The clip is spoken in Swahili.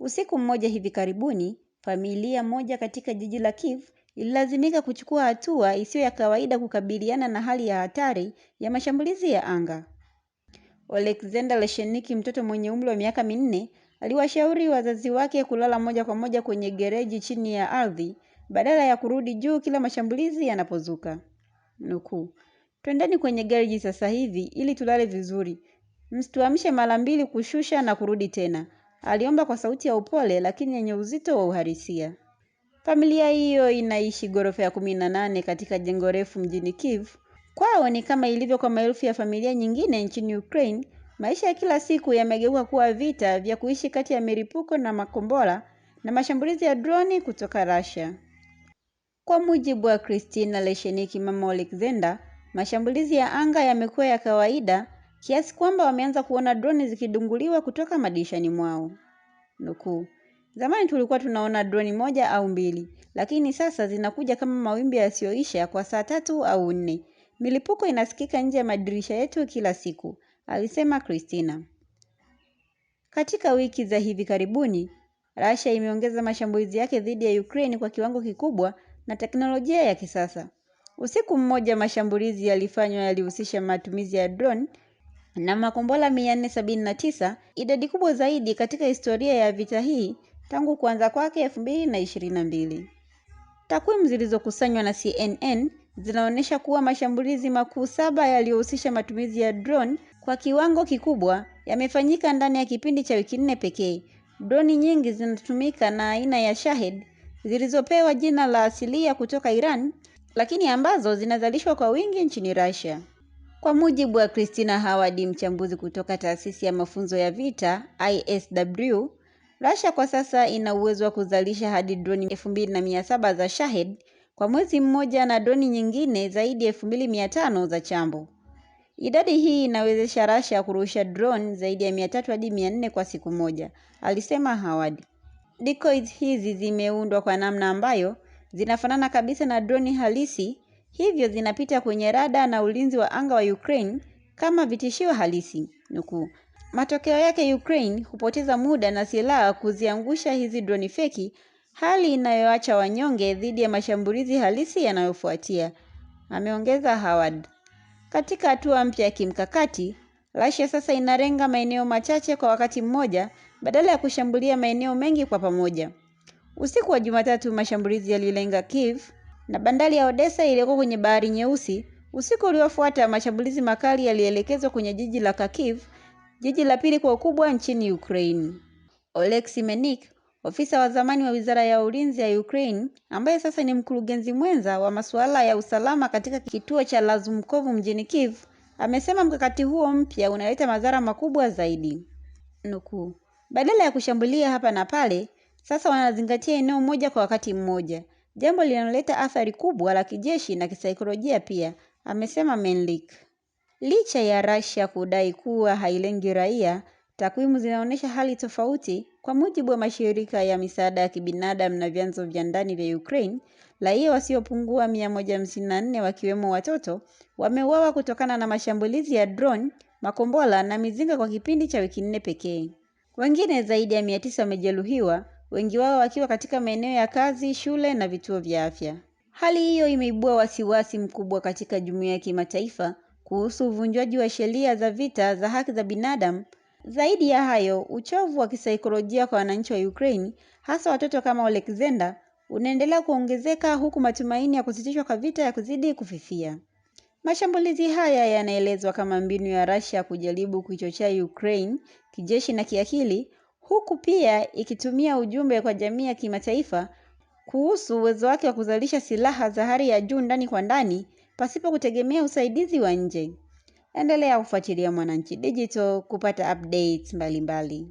Usiku mmoja hivi karibuni, familia moja katika jiji la Kiev ililazimika kuchukua hatua isiyo ya kawaida kukabiliana na hali ya hatari ya mashambulizi ya anga. Oleksandr Lesheniki, mtoto mwenye umri wa miaka minne, aliwashauri wazazi wake kulala moja kwa moja kwenye gereji chini ya ardhi badala ya kurudi juu kila mashambulizi yanapozuka. Nukuu, twendeni kwenye gereji sasa hivi ili tulale vizuri, msituamshe mara mbili kushusha na kurudi tena, aliomba kwa sauti ya upole lakini yenye uzito wa uhalisia. Familia hiyo inaishi ghorofa ya kumi na nane katika jengo refu mjini Kiev. Kwao ni kama ilivyo kwa maelfu ya familia nyingine nchini Ukraine, maisha ya kila siku yamegeuka kuwa vita vya kuishi kati ya milipuko na makombora na mashambulizi ya droni kutoka Russia. Kwa mujibu wa Kristina Lesheniki, mama Alexander, mashambulizi ya anga yamekuwa ya kawaida kiasi kwamba wameanza kuona droni zikidunguliwa kutoka madirishani mwao. Nukuu, zamani tulikuwa tunaona droni moja au mbili, lakini sasa zinakuja kama mawimbi yasiyoisha kwa saa tatu au nne. Milipuko inasikika nje ya madirisha yetu kila siku, alisema Christina. Katika wiki za hivi karibuni, Russia imeongeza mashambulizi yake dhidi ya Ukraine kwa kiwango kikubwa na teknolojia ya kisasa. Usiku mmoja mashambulizi yalifanywa yalihusisha matumizi ya drone na makombora 479, idadi kubwa zaidi katika historia ya vita hii tangu kuanza kwake 2022. Takwimu zilizokusanywa na CNN zinaonyesha kuwa mashambulizi makuu saba yaliyohusisha matumizi ya drone kwa kiwango kikubwa yamefanyika ndani ya kipindi cha wiki nne pekee. Droni nyingi zinatumika na aina ya Shahed zilizopewa jina la asilia kutoka Iran, lakini ambazo zinazalishwa kwa wingi nchini Russia. Kwa mujibu wa Christina Howard, mchambuzi kutoka taasisi ya mafunzo ya vita ISW, Russia kwa sasa ina uwezo wa kuzalisha hadi droni 2700 za Shahed kwa mwezi mmoja na droni nyingine zaidi ya 2500 za Chambo. Idadi hii inawezesha Russia kurusha drone zaidi ya 300 hadi 400 kwa siku moja, alisema Howard. Decoys hizi zimeundwa kwa namna ambayo zinafanana kabisa na droni halisi hivyo zinapita kwenye rada na ulinzi wa anga wa Ukraine kama vitishio halisi nukuu. Matokeo yake Ukraine hupoteza muda na silaha kuziangusha hizi droni feki, hali inayoacha wanyonge dhidi ya mashambulizi halisi yanayofuatia, ameongeza Howard. Katika hatua mpya ya kimkakati, Russia sasa inalenga maeneo machache kwa wakati mmoja badala ya kushambulia maeneo mengi kwa pamoja. Usiku wa Jumatatu, mashambulizi yalilenga Kiev, na bandari ya Odesa iliyokuwa kwenye Bahari Nyeusi. Usiku uliofuata, mashambulizi makali yalielekezwa kwenye jiji la Kharkiv, jiji la pili kwa ukubwa nchini Ukraine. Oleksi Menik, ofisa wa zamani wa Wizara ya Ulinzi ya Ukraine, ambaye sasa ni mkurugenzi mwenza wa masuala ya usalama katika kituo cha Lazumkov mjini Kiev, amesema mkakati huo mpya unaleta madhara makubwa zaidi. Nukuu, badala ya kushambulia hapa na pale, sasa wanazingatia eneo moja kwa wakati mmoja jambo linaloleta athari kubwa la kijeshi na kisaikolojia pia, amesema Menlik. Licha ya Russia kudai kuwa hailengi raia, takwimu zinaonyesha hali tofauti. Kwa mujibu wa mashirika ya misaada ya kibinadamu na vyanzo vya ndani vya Ukraine, raia wasiopungua 154 wakiwemo watoto wameuawa kutokana na mashambulizi ya drone, makombora na mizinga kwa kipindi cha wiki nne pekee. Wengine zaidi ya 900 wamejeruhiwa wengi wao wakiwa katika maeneo ya kazi, shule na vituo vya afya. Hali hiyo imeibua wasiwasi mkubwa katika jumuiya ya kimataifa kuhusu uvunjwaji wa sheria za vita za haki za binadamu. Zaidi ya hayo, uchovu wa kisaikolojia kwa wananchi wa Ukraine, hasa watoto kama Oleksandr, unaendelea kuongezeka huku matumaini ya kusitishwa kwa vita ya kuzidi kufifia. Mashambulizi haya yanaelezwa kama mbinu ya Russia kujaribu kuichochea Ukraine kijeshi na kiakili, huku pia ikitumia ujumbe kwa jamii ya kimataifa kuhusu uwezo wake wa kuzalisha silaha za hali ya juu ndani kwa ndani pasipo kutegemea usaidizi wa nje. Endelea kufuatilia Mwananchi Digital kupata updates mbalimbali.